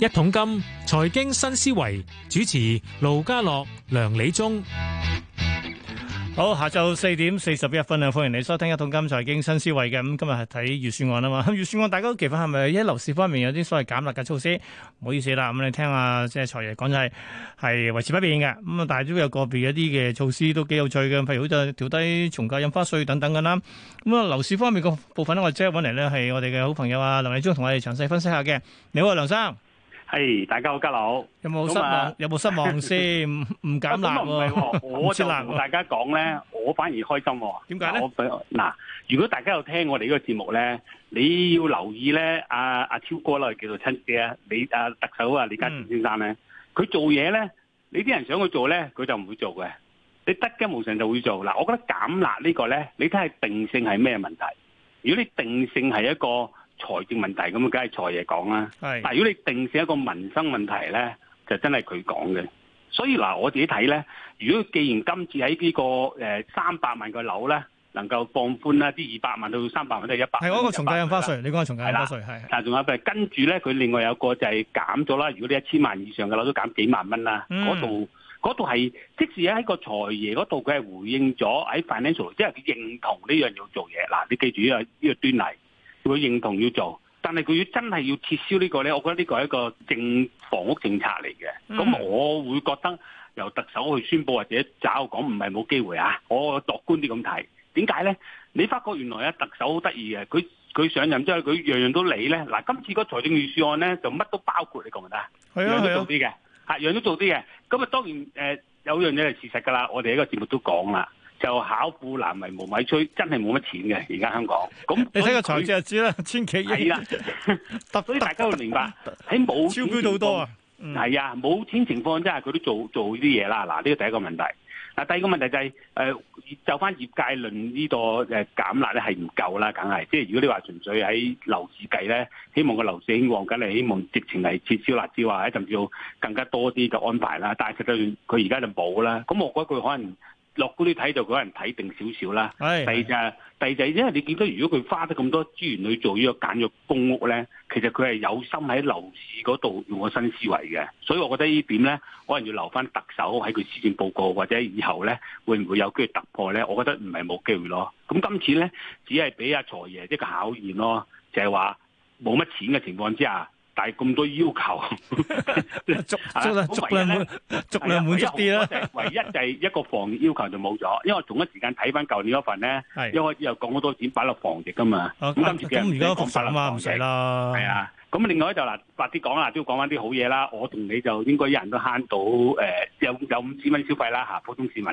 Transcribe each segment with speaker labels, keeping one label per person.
Speaker 1: 一桶金財經新思維主持盧家樂、梁理中。
Speaker 2: 好，下晝四點四十一分啊！歡迎你收聽《一桶金財經新思維》嘅，咁，今日係睇預算案啊嘛。預算案大家都期望係咪喺樓市方面有啲所謂減壓嘅措施？唔好意思啦，咁你聽下即係財爺講就係係維持不變嘅，咁啊，但係都有個別一啲嘅措施都幾有趣嘅，譬如好似調低從價印花稅等等咁啦。咁啊，樓市方面個部分咧，我即刻搵嚟咧，係我哋嘅好朋友啊，梁理中同我哋詳細分析下嘅。你好啊，梁生。
Speaker 1: 係，大家好，家佬有冇失望？有冇失望先？唔減辣喎，我就同大家講咧，我反而開心。點解咧？嗱，如果大家有聽我哋呢個節目咧，你要留意咧，阿阿超哥啦，叫做親子啊，你阿特首啊，李家超先生咧，佢做嘢咧，你啲人想佢做咧，佢就唔會做嘅。你得嘅無常就會做。嗱，我覺得減辣呢個咧，你睇下定性係咩問題？如果你定性係一個，財政問題咁啊，梗係財爺講啦。但係如果你定性一個民生問題咧，就真係佢講嘅。所以嗱，我自己睇咧，如果既然今次喺呢個誒三百萬嘅樓咧，能夠放寬啦，啲二百萬到三百萬都係一百，係嗰、嗰個重
Speaker 2: 大印花稅。你講係重大印花稅係，
Speaker 1: 但仲有佢跟住咧，佢另外有個就係減咗啦。如果你一千萬以上嘅樓都減幾萬蚊啦，嗰度嗰度係即使喺個財爺嗰度佢係回應咗喺 financial，即係佢認同呢樣要做嘢。嗱，你記住呢個呢個端倪。佢認同要做，但係佢要真係要撤銷個呢個咧，我覺得呢個係一個政府房屋政策嚟嘅。咁、嗯、我會覺得由特首去宣布或者找我講唔係冇機會啊！我樂觀啲咁睇，點解咧？你發覺原來啊，特首好得意嘅，佢佢上任之後佢樣各樣都理咧。嗱，今次個財政預算案咧就乜都包括，你講唔得啊？係啊，做啲嘅嚇，樣樣都做啲嘅。咁啊，樣都做樣都做當然誒、呃、有一樣嘢係事實㗎啦，我哋喺個節目都講啦。就巧婦難為無米炊，真係冇乜錢嘅。而家香港，咁你睇個財政就知啦，千祈。係啦， 所以大家會明白喺冇超標到多啊。係、嗯、啊，冇錢情況之下，佢都做做呢啲嘢啦。嗱，呢個第一個問題。嗱，第二個問題就係、是、誒、呃，就翻業界論呢、這個誒、呃、減辣咧，係唔夠啦，梗係。即係如果你話純粹喺樓市計咧，希望個樓市興旺，梗係希望直情係撤銷辣招，或者甚至要更加多啲嘅安排啦。但係實際佢而家就冇啦。咁我覺得佢可能。樂觀啲睇就嗰人睇定少少啦。第二就係第二就係因為你見到如果佢花咗咁多資源去做呢個簡約公屋咧，其實佢係有心喺樓市嗰度用個新思維嘅。所以我覺得呢點咧，可能要留返特首喺佢施政報告或者以後咧，會唔會有機會突破咧？我覺得唔係冇機會咯。咁今次咧，只係俾阿財爺一個考驗咯，就係話冇乜錢嘅情況之下。但係咁多要求，足足量，足量，
Speaker 2: 足量滿足啲啦。
Speaker 1: 唯一就係一個防疫要求就冇咗，因為同一時間睇翻舊年嗰份咧，一開始又講好多錢擺落防疫噶嘛。咁今次嘅咁如果講實話唔使咯。係啊，咁另外就嗱，白啲講啦，都要講翻啲好嘢啦。我同你就應該一人都慳到誒，有有五千蚊消費啦嚇，普通市民。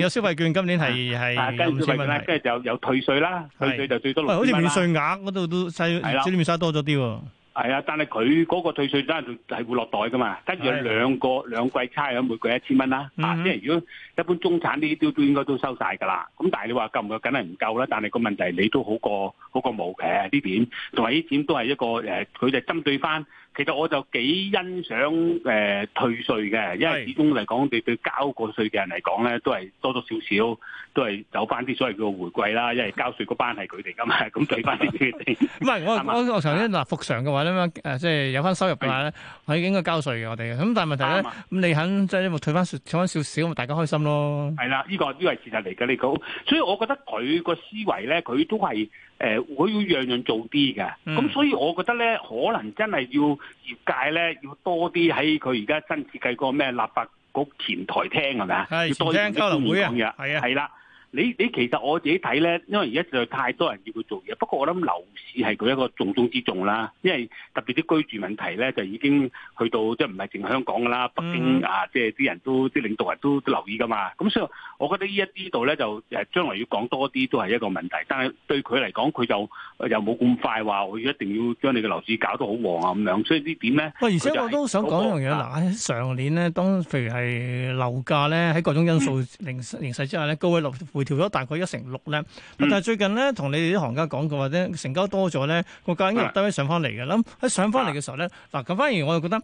Speaker 1: 有
Speaker 2: 消費券今年係係跟消費券啦，跟住
Speaker 1: 就有退稅啦，退稅就最多六千蚊。好似免稅額嗰度都細，
Speaker 2: 即係啲咪嘥多咗啲喎。
Speaker 1: 係啊，但係佢嗰個退稅真係係會落袋㗎嘛？跟住有兩個兩季差，咁，每季一千蚊啦、啊嗯。啊，即係如果一般中產呢啲都都應該都收晒㗎啦。咁但係你話夠，夠，梗係唔夠啦。但係個問題你都好過好過冇嘅呢點，同埋呢點都係一個誒，佢、呃、哋針對翻。其實我就幾欣賞誒、呃、退稅嘅，因為始終嚟講對對交過稅嘅人嚟講咧，都係多多少少都係走翻啲所謂叫回饋啦。因為交稅嗰班係佢哋㗎嘛，咁俾翻啲
Speaker 2: 佢哋。唔 係 我我我頭先嗱復常嘅話咁、嗯、啊，誒，即係有翻收入嘅話咧，佢應該交稅嘅，我哋嘅。咁但係問題咧，咁你肯即係冇退翻少退翻少少，咁大家開心咯。
Speaker 1: 係啦，呢個呢個係事實嚟嘅，你講。所以我覺得佢個思維咧，佢都係誒，會、呃、要樣樣做啲嘅。咁、嗯、所以我覺得咧，可能真係要業界咧，要多啲喺佢而家新設計個咩立法局前台廳係咪啊？要多啲交流會啊，係啊，係啦。你你其實我自己睇咧，因為而家就太多人要去做嘢。不過我諗樓市係佢一個重中之重啦，因為特別啲居住問題咧就已經去到即唔係淨香港噶啦，北京啊即係啲人都啲領導人都，都留意噶嘛。咁、嗯、所以，我覺得呢一啲度咧就誒將來要講多啲都係一個問題。但係對佢嚟講，佢就又冇咁快話，我一定要將你嘅樓市搞到好旺啊咁樣。所以點呢點咧？喂，而且我都想
Speaker 2: 講、就是、一樣嘢啦。上年咧，當譬如係樓價咧，喺各種因素形形勢之下咧，高位回調咗大概一成六咧，但係最近咧同你哋啲行家講過咧，成交多咗咧，個價應該由低位上翻嚟嘅。咁喺上翻嚟嘅時候咧，嗱咁反而我又覺得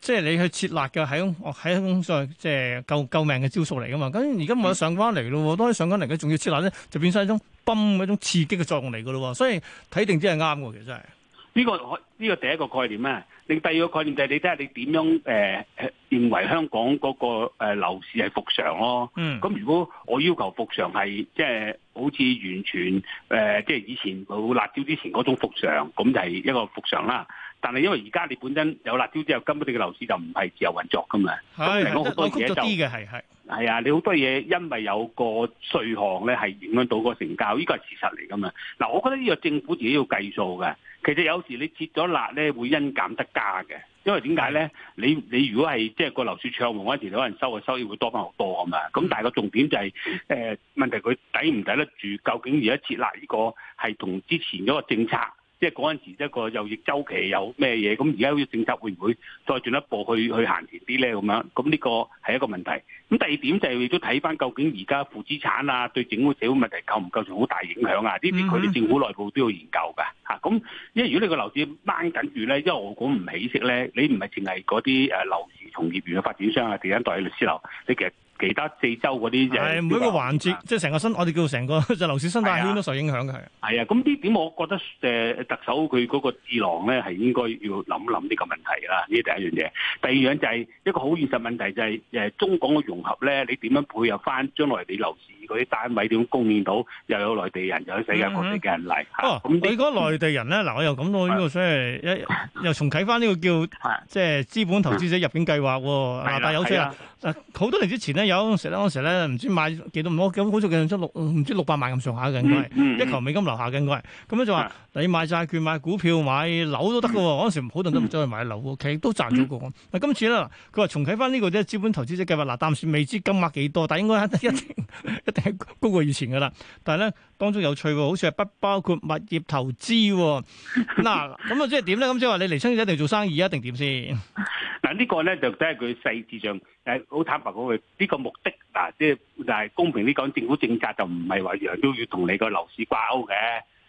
Speaker 2: 即係你去撤辣嘅係一種，係即係救救命嘅招數嚟噶嘛。咁而家冇得上翻嚟咯，當你上翻嚟嘅仲要撤辣咧，就變曬一種泵，一種刺激嘅作用嚟噶咯。所以睇定啲係啱嘅，
Speaker 1: 其實係。呢、這個呢、這個第一個概念咧，另第二個概念就係你睇下你點樣誒、呃、認為香港嗰、那個誒樓、呃、市係復常咯。咁、嗯、如果我要求復常係即係好似完全誒即係以前冇辣招之前嗰種復常，咁就係一個復常啦。但係因為而家你本身有辣招之後，根本你嘅樓市就唔係自由運作噶嘛，咁嚟講好多嘢就係啊，你好多嘢因為有個稅項咧，係影響到個成交，呢個係事實嚟噶嘛。嗱，我覺得呢個政府自己要計數嘅。其實有時你撤咗辣咧，會因減得加嘅，因為點解咧？你你如果係即係個樓市暢旺嗰陣時，你可能收嘅收益會多返好多啊嘛。咁但係個重點就係、是、誒、呃、問題，佢抵唔抵得住？究竟而家撤辣呢個係同之前嗰個政策？即係嗰陣時一個受益周期有咩嘢？咁而家好似政策會唔會再進一步去去行前啲咧？咁樣咁呢個係一個問題。咁第二點就係亦都睇翻究竟而家負資產啊，對整個社會問題構唔構成好大影響啊？呢啲佢哋政府內部都要研究㗎吓咁、啊、因為如果你個樓市掹緊住咧，因為我估唔起色咧，你唔係淨係嗰啲誒樓業從業員嘅發展商啊、地產代理律師樓，你其實其他四周嗰啲嘢，係每一個環
Speaker 2: 節，啊、即係成個新，我哋叫成個 就樓市生態圈都受影響嘅，
Speaker 1: 係。係啊，咁呢、啊、點我覺得誒、呃、特首佢嗰個智囊咧，係應該要諗諗呢個問題啦。呢第一樣嘢，第二樣就係、是、一個好現實問題，就是，就係、是、中港嘅融合咧，你點樣配合翻將來俾樓市？佢啲單位點供應到，又有內
Speaker 2: 地人嗯嗯又有世界各地嘅人嚟。哦、嗯，你講內地人咧，嗱、嗯、我、啊嗯、又咁到呢個所係一又重啟翻呢個叫即係、嗯就是、資本投資者入境計劃。嗯啊、但有係啦，好、啊、多年之前咧，有嗰陣時咧，嗰咧唔知買幾多唔，好記好似幾年出六唔知六百萬咁上下嘅，咁、嗯、貴一球美金樓下嘅，咁貴。咁咧就話你買債券買股票買樓都得喎。嗰陣時唔好多人都走去買樓，屋、嗯、企都賺咗過。咪、嗯、今次咧，佢話重啟翻呢個啲資本投資者計劃，嗱、呃，暫時未知金額幾多，但應該一。嗯 高過以前噶啦，但係咧，當中有趣喎，好似係不包括物業投資。嗱， 咁啊即係點咧？咁即係話你嚟生一定做生意啊？一定點先？
Speaker 1: 嗱、這個，呢個咧就睇下佢細節上，誒，好坦白講，呢、這個目的嗱，即係但係公平啲講，政府政策就唔係話要要同你個樓市掛鈎嘅，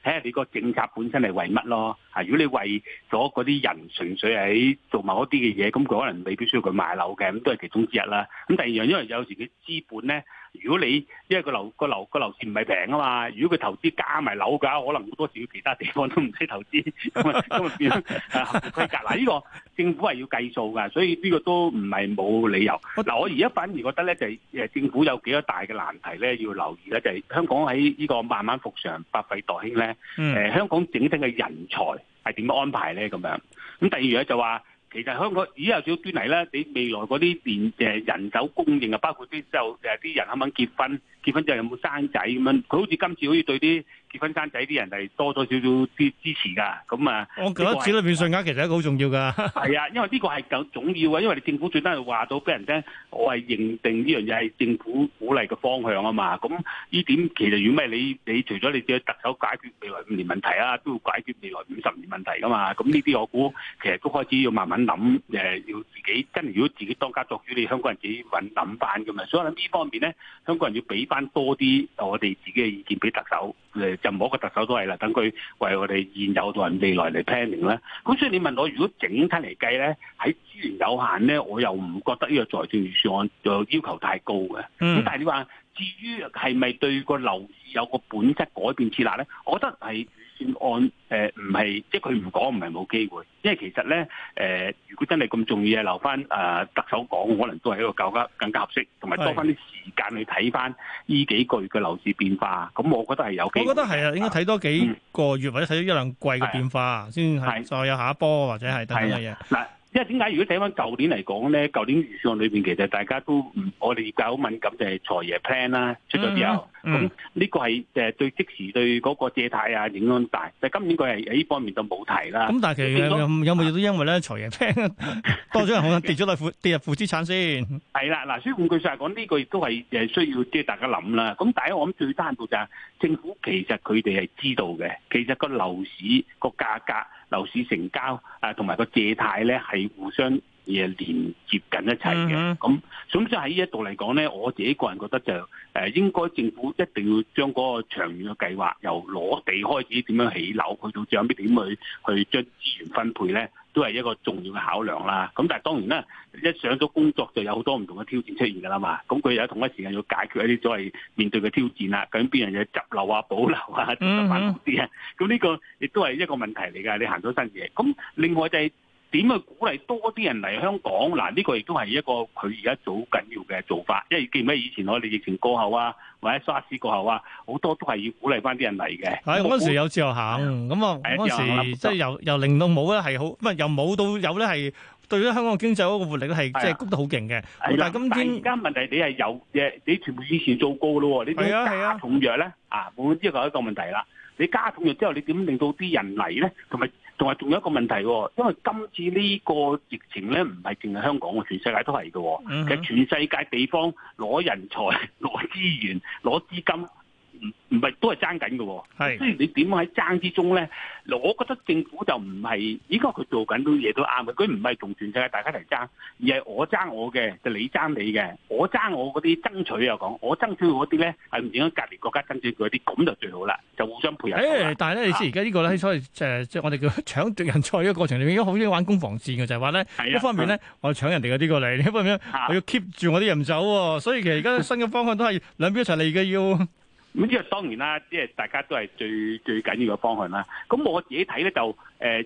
Speaker 1: 睇下你個政策本身係為乜咯。啊，如果你為咗嗰啲人純粹係做某一啲嘅嘢，咁佢可能未必需要佢買樓嘅，咁都係其中之一啦。咁第二樣，因為有時佢資本咧。如果你因為個樓個樓個樓市唔係平啊嘛，如果佢投資加埋樓價可能好多時候其他地方都唔識投資咁咁。嗱，呢、 呢個政府係要計數嘅，所以呢個都唔係冇理由嗱。現在我而家反而覺得咧，就誒政府有幾多大嘅難題咧，要留意咧，就係、是、香港喺呢個慢慢復常百廢待興咧，誒、嗯、香港整體嘅人才係點樣安排咧咁樣？咁第二樣就話、是。其實香港已經有少端倪啦，你未來嗰啲年誒人手供應啊，包括啲之後誒啲人肯唔肯結婚？結婚之後有冇生仔咁樣？佢好似今次好似對啲結婚生仔啲人係多咗少少支支持噶。咁啊，我覺得子
Speaker 2: 女免稅額其實係好重要噶。
Speaker 1: 係 啊，因為呢個係夠重要啊。因為你政府最緊係話到俾人聽，我係認定呢樣嘢係政府鼓勵嘅方向啊嘛。咁呢點其實如果咩你，你除咗你自己特首解決未來五年問題啊，都要解決未來五十年問題噶嘛。咁呢啲我估其實都開始要慢慢諗，誒要自己跟。真如果自己當家作主，你香港人自己揾諗辦法咁啊。所以諗呢方面咧，香港人要俾翻。多啲我哋自己嘅意見俾特首，誒、呃、就任何一個特首都係啦，等佢為我哋現有同人未來嚟 planning 啦。咁所以你問我，如果整體嚟計咧，喺資源有限咧，我又唔覺得呢個財政預算案就要求太高嘅。咁、嗯、但係你話，至於係咪對個樓市有個本質改變之難咧？我覺得係。按誒唔係，即係佢唔講唔係冇機會，因為其實咧誒，如果真係咁重要，留翻誒特首講，可能都係一個更加更加合適，同埋多翻啲時間去睇翻呢幾個月嘅樓市變化，咁我覺得係有機會。我覺得
Speaker 2: 係啊，應該睇多幾個月或者睇咗一兩季嘅變化，先係再有下一波或者係等等嘅嘢。
Speaker 1: 因為點解？如果睇翻舊年嚟講咧，舊年預算案裏邊其實大家都唔，我哋業界好敏感就係財爺 plan 啦，出咗之後，咁、嗯、呢、嗯、個係誒對即時對嗰個借貸啊影響大。但、就、係、是、今年佢係喺呢方面就冇提啦。咁
Speaker 2: 但係其實有冇嘢都因為咧財爺 plan 多咗人好跌咗落跌入負資 產先。
Speaker 1: 係啦，嗱，所以換句話講，呢、這個亦都係誒需要即係大家諗啦。咁但係，我諗最單獨就係政府其實佢哋係知道嘅，其實個樓市個價格。樓市成交啊，同埋個借貸咧，係互相嘢連接緊一齊嘅。咁、嗯，咁所以喺呢一度嚟講咧，我自己個人覺得就。誒，應該政府一定要將嗰個長遠嘅計劃，由攞地開始點樣起樓，去到最後邊點去去將資源分配咧，都係一個重要嘅考量啦。咁但係當然啦，一上咗工作就有好多唔同嘅挑戰出現噶啦嘛。咁佢又同一時間要解決一啲所謂面對嘅挑戰啦。咁邊樣嘢執漏啊、保留啊、反公司啊，咁呢個亦都係一個問題嚟㗎。你行咗新嘢，咁另外就係、是。點去鼓勵多啲人嚟香港？嗱，呢個亦都係一個佢而家做好緊要嘅做法，因為記唔記得以前我哋疫情過後啊，或者沙士過後啊，好多都係要鼓勵翻啲人嚟嘅。係嗰陣時有
Speaker 2: 自由行，咁啊嗰陣時即係由由,由,由零到冇咧，係好唔係由冇到有咧，係對於香港經濟嗰個活力係即係谷得好勁嘅。
Speaker 1: 但係今天而家問題，你係有嘅，你全部以前做過咯喎，你點加重藥咧？啊，換之就係一個問題啦。你加重藥之後，你點令到啲人嚟咧？同埋仲係仲有一個問題喎，因為今次呢個疫情咧，唔係淨係香港喎，全世界都係嘅。其實全世界地方攞人才、攞資源、攞資金。唔唔，都係爭緊嘅、哦，即係你點喺爭之中咧？嗱，我覺得政府就唔係應該佢做緊啲嘢都啱嘅。佢唔係同全世界大家嚟爭，而係我爭我嘅，就、你爭你嘅。我爭我嗰啲爭取又講，我爭取嗰啲咧係點解隔離國家爭取嗰啲，咁就最好啦，就互相配合、哎。
Speaker 2: 但係咧，你知而家呢個喺、啊、所謂誒即係我哋叫搶奪人才嘅過程裏面，而家好中意玩攻防戰嘅就係話咧，一方面咧、啊、我要搶人哋嘅啲過嚟，你知唔知點我要 keep 住我啲人走、哦，所以其實而家新嘅方向都係兩邊一齊嚟而家要。
Speaker 1: 咁呢個當然啦，即係大家都係最最緊要嘅方向啦。咁我自己睇咧，就誒，呃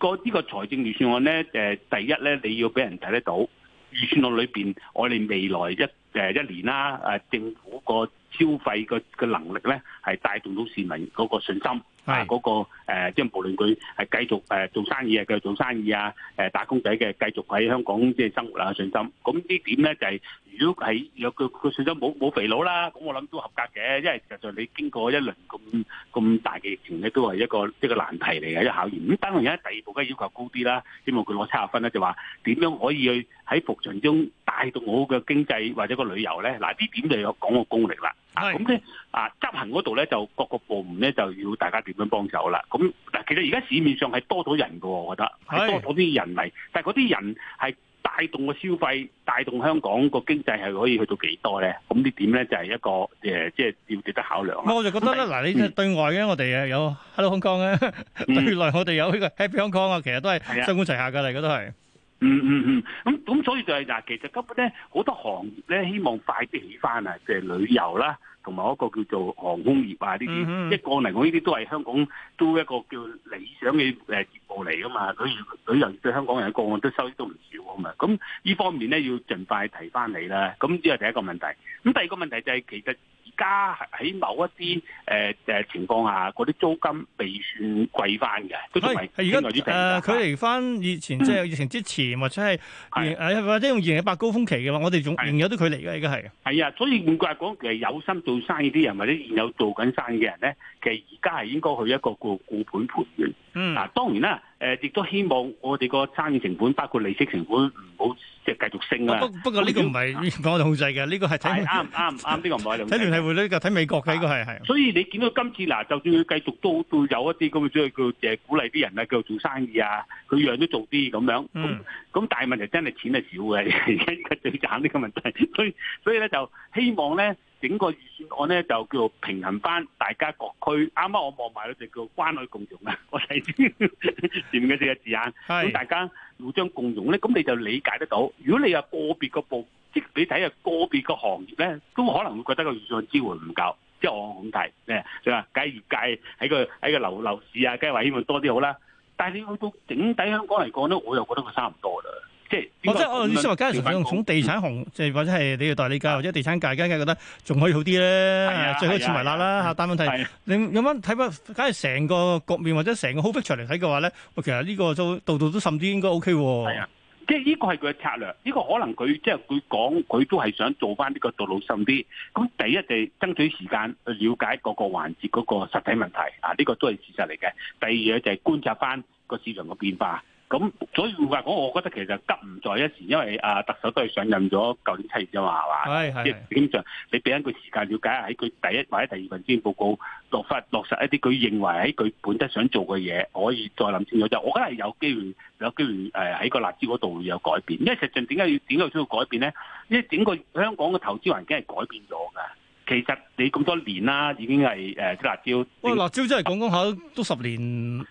Speaker 1: 這個呢個財政預算案咧誒，第一咧，你要俾人睇得到預算案裏邊，我哋未來一誒一年啦，誒、啊、政府個消費個能力咧係帶動到市民嗰個信心。啊！嗰個誒，即係無論佢係繼續誒做生意，繼續做生意啊，誒打工仔嘅繼續喺香港即係生活啊，信心。咁呢點咧就係，如果係有佢個信心冇冇肥佬啦，咁我諗都合格嘅。因為其實你經過一輪咁咁大嘅疫情咧，都係一個一個難題嚟嘅，一考驗。咁當然而家第二步梗要求高啲啦，希望佢攞七十分咧，就話點樣可以去喺復常中帶動我嘅經濟或者個旅遊咧？嗱，呢點就有講個功力啦。咁咧啊，執行嗰度咧就各個部門咧就要大家點樣幫手啦。咁嗱，其實而家市面上係多咗人喎，我覺得係多咗啲人嚟，但係嗰啲人係帶動個消費，帶動香港個經濟係可以去到幾多咧？咁呢點咧就係一個即係、呃、要值得考量。我就覺得
Speaker 2: 呢，嗱、嗯，你對外嘅我哋有、嗯、有 Hello Hong Kong 對內我哋有呢個 Happy
Speaker 1: Hong Kong 啊，其實都係相輔齊下㗎。嚟，嗰都係。嗯嗯嗯，咁咁所以就係嗱，其實根本咧好多行業咧希望快啲起翻啊，即係旅遊啦。同埋一個叫做航空業啊，呢啲即係過嚟講，呢啲都係香港都一個叫理想嘅誒嚟噶嘛？旅遊對香港人個案都收益都唔少啊嘛！咁呢方面咧要盡快提翻你啦。咁呢個第一個問題。咁第二個問題就係、是，其實而家喺某一啲，呃、情況下，嗰啲租金未算貴翻嘅。可而家
Speaker 2: 佢離翻以前即係疫情之前，嗯、或者係或者用二零一八高峰期嘅話，我哋仲仍有啲距離嘅，而家
Speaker 1: 係。啊，所以換句話講，其實有心做生意啲人或者現有做緊生意嘅人咧，其實而家係應該去一個固固本盤元。當然啦。嗯嗯誒，亦都希望我哋個生意成本，包括利息成本，唔好即係繼續升啦。不不過呢，這個唔係
Speaker 2: 講控制嘅，呢，啊，這個係睇啱
Speaker 1: 唔啱啱呢個唔係睇聯繫會，
Speaker 2: 呢個睇美國嘅，呢，啊，這
Speaker 1: 個係係。所以你見到今次嗱，就算佢繼續都都有一啲咁嘅，即係叫誒鼓勵啲人啊，叫做生意啊，佢樣都做啲咁樣。咁，嗯，咁大問題真係錢係少嘅，而家最慘呢個問題。所以所以咧就希望咧整個預算案咧就叫做平衡翻大家各區。啱啱我望埋佢哋叫關愛共融啊，我睇。 前面嘅四個字眼，咁大家互相共融咧，咁你就理解得到。如果你有個別個部，即你睇下個別個行業咧，都可能會覺得個預算支援唔夠，即我咁睇，即係話計業界喺個喺個樓樓市啊，計話希望多啲好啦。但係你去到整體香港嚟講咧，我又覺得佢差唔多啦。即係，我真我意思話，梗係、哦、從
Speaker 2: 地產行，即、嗯、係或者係你要代理界、嗯、或者地產界，梗係覺得仲可以好啲咧、啊啊。最好算埋啦啦嚇，但、啊啊啊、問題、啊、你有冇睇返？梗係成個局面或者成個 whole picture 嚟睇嘅話咧，其實呢個就度度都甚至應該 OK 喎。
Speaker 1: 啊，即係呢個係佢嘅策略，呢、這個可能佢即係佢講，佢都係想做翻呢個道路深一點，滲啲。咁第一就係爭取時間去了解各個環節嗰、那個實體問題，啊呢、這個都係事實嚟嘅。第二嘢就係觀察翻個市場嘅變化。咁所以話講，我覺得其實急唔在一時，因為啊特首都係上任咗舊年七月啫嘛，係嘛？係係係即係經常你俾緊佢時間了解下喺佢第一或者第二份建議報告落發落實一啲，佢認為喺佢本質想做嘅嘢，可以再諗清楚。就我梗係有機會，有機會誒喺、呃、個辣招嗰度會有改變。因為實際點解要點解需要改變咧？因為整個香港嘅投資環境係改變咗㗎。其實你咁多年啦，已經係誒啲辣招，
Speaker 2: 辣招即係講講下都十年，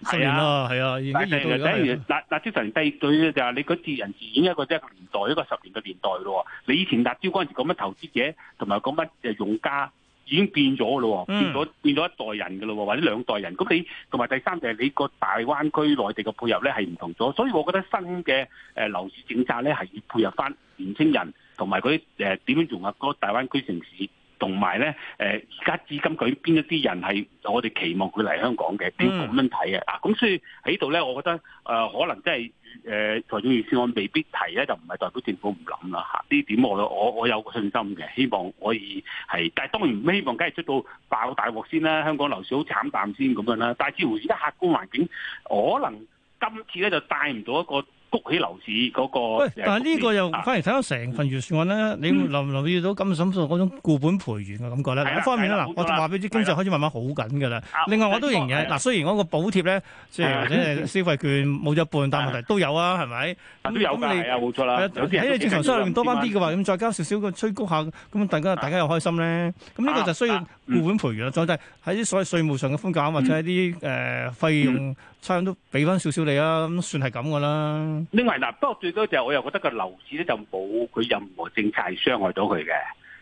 Speaker 2: 係啊，係啊，辣招已經
Speaker 1: 係度，辣招成第二就係你佢自人自已一個年代，一個十年嘅年代咯。你以前辣招嗰陣時咁嘅投資者同埋咁乜用家已經變咗咯，嗯，變咗變咗一代人嘅咯，或者兩代人。咁你同埋第三就係你個大灣區內地嘅配合咧係唔同咗，所以我覺得新嘅誒樓市政策咧係要配合翻年輕人同埋佢啲誒點樣融合嗰個大灣區城市。同埋咧，誒而家資金舉邊一啲人係我哋期望佢嚟香港嘅，邊咁樣睇嘅啊，咁所以喺度咧，我覺得誒、呃、可能真係誒、呃、財政預算案，我未必提咧，就唔係代表政府唔諗啦嚇。呢、啊、點我我我有信心嘅，希望可以係，但係當然唔希望，梗係出到爆大鑊先啦，香港樓市好慘淡先咁樣啦。但係似乎而家客觀環境可能今次咧就帶唔到一個。喚起樓市嗰個，但係呢個又反而
Speaker 2: 睇到成份預算案咧、啊，你留唔留意到咁審數嗰種固本培元嘅感覺咧？另一方面咧，嗱，我話俾你知經濟開始慢慢好緊㗎啦。另外我都認嘅嗱，雖然我個補貼咧，即係或者係消費券冇咗一半，是但係問題都有啊，係咪？都有㗎。係啊，冇錯啦。喺你正常收入裏面多翻啲嘅話，咁再加少少嘅催谷下，咁大家、啊、大家又開心咧。咁、啊、呢個就需要固本培元啦，就係喺啲所謂稅務上嘅寬減或者係啲誒費用、嗯、差額都俾翻少少你啊，咁算係咁㗎啦。
Speaker 1: 另外嗱，不過最多就係我又覺得個樓市咧就冇佢任何政策係傷害到佢嘅，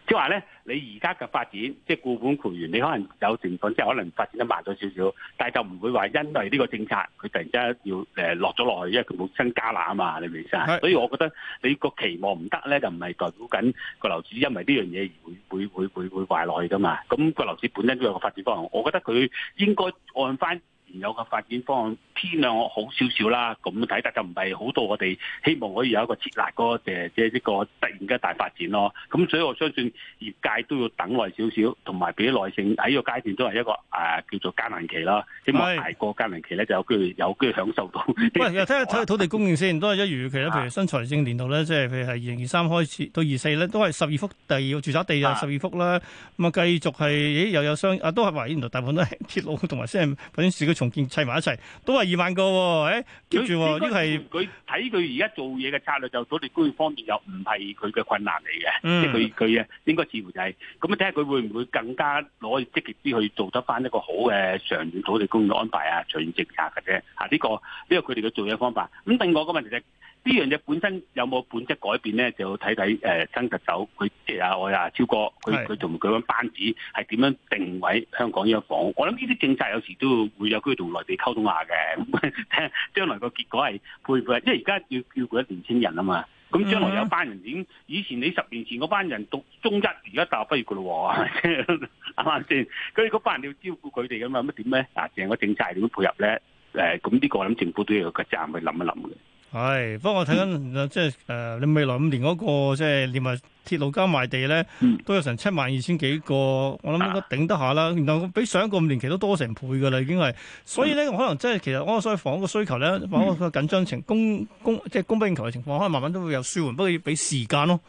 Speaker 1: 即係話咧你而家嘅發展，即係固本培元，你可能有情況即係可能發展得慢咗少少，但係就唔會話因為呢個政策佢突然之間要落咗落去，因為佢冇增加啦啊嘛，你明唔明意思？所以我覺得你個期望唔得咧，就唔係代表緊個樓市因為呢樣嘢而會會會會會壞落去噶嘛。咁個樓市本身都有個發展方案，我覺得佢應該按翻原有嘅發展方案。天量好少少啦，咁睇但就唔係好到我哋希望可以有一個設立個誒，即係呢個突然嘅大發展咯。咁所以我相信業界都要等耐少少，同埋俾啲耐性，喺呢個階段都係一個誒、啊、叫做艱難期啦。希望捱過艱難期咧，就有機，有機會有機會享受到。
Speaker 2: 喂，又睇下睇土地供應先，都係一如其實，譬如新財政年度咧，即係譬如係二零二三開始到二四咧，都係十二幅地要住宅地啊，十二幅啦。咁啊，繼續係又有商啊，都係話原來大部分都係鐵路同埋先係發展市區重建砌埋一齊，都係玩過，誒，跟住呢個係
Speaker 1: 佢睇佢而家做嘢嘅策略，就土地供應方面又唔係佢嘅困難嚟嘅，即係佢佢啊，應該似乎就係咁啊，睇下佢會唔會更加攞積極啲去做得翻一個好嘅長遠土地供應安排啊，長遠政策嘅啫，吓、這、呢個呢個佢哋嘅做嘢方法。咁另外個問題就係。呢樣嘢本身有冇本質改變咧？就睇睇誒新特首佢即係啊，我呀超哥佢佢同佢班班子係點樣定位香港呢個房？我諗呢啲政策有時都會有機會同內地溝通下嘅，將 將來個結果係配合。因為而家要照顧一年青人啊嘛，咁將來有班人已經？以前你十年前嗰班人讀中一，而家大學畢業噶啦喎，啱咪先？佢哋嗰班人要照顧佢哋嘅嘛？咁點咧？成個政策點配合咧？咁、呃、呢、這個我諗政府都要有個責任去諗一諗嘅。
Speaker 2: 係，不過我睇緊、嗯、即係誒，你、呃、未來五年嗰、那個即係連埋鐵路加賣地咧、嗯，都有成七萬二千幾個，我諗應該頂得下啦。然、啊、後比上一個五年期都多成倍噶啦，已經係。所以咧、嗯，可能即係其實所以房屋嘅需求咧，包個緊張情、供、嗯、供即係供不應求嘅情況，可能慢慢都會有舒緩，不過要俾時間咯。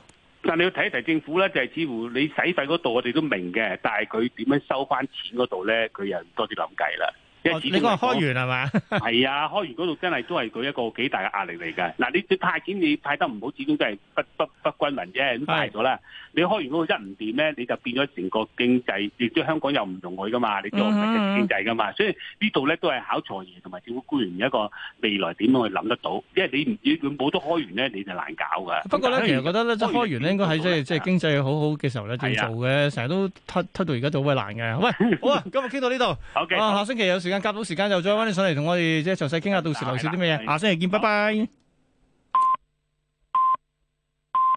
Speaker 1: 但你要睇一睇政府咧，就係、是、似乎你洗費嗰度我哋都明嘅，但係佢點樣收翻錢嗰度咧，佢又多啲諗計啦。說哦、你嗰個開源係
Speaker 2: 嘛？係 啊，
Speaker 1: 開源嗰度真係都係佢一個幾大嘅壓力嚟㗎。嗱、啊，你你派錢你派得唔好，始終都係不不不均勻啫，咁派咗啦。你開源嗰度一唔掂咧，你就變咗成個經濟，亦都香港又唔容許㗎嘛，你做唔成一經濟㗎、嗯、嘛。所以呢度咧都係考財爺同埋政府官員一個未來點樣去諗得到。因為你唔知佢冇得開源咧，你就難搞㗎。不過咧，其實覺得咧，開源咧應
Speaker 2: 該係即係即係經濟好好嘅時候咧先、啊、做嘅，成日都推拖到而家都好難嘅。 喂，好啊，今日傾到呢度。好、okay，啊，下星期有時間。夾到時間就再搵你上嚟同我哋即係詳細傾下，到時留少啲咩嘢，下星期見，拜拜。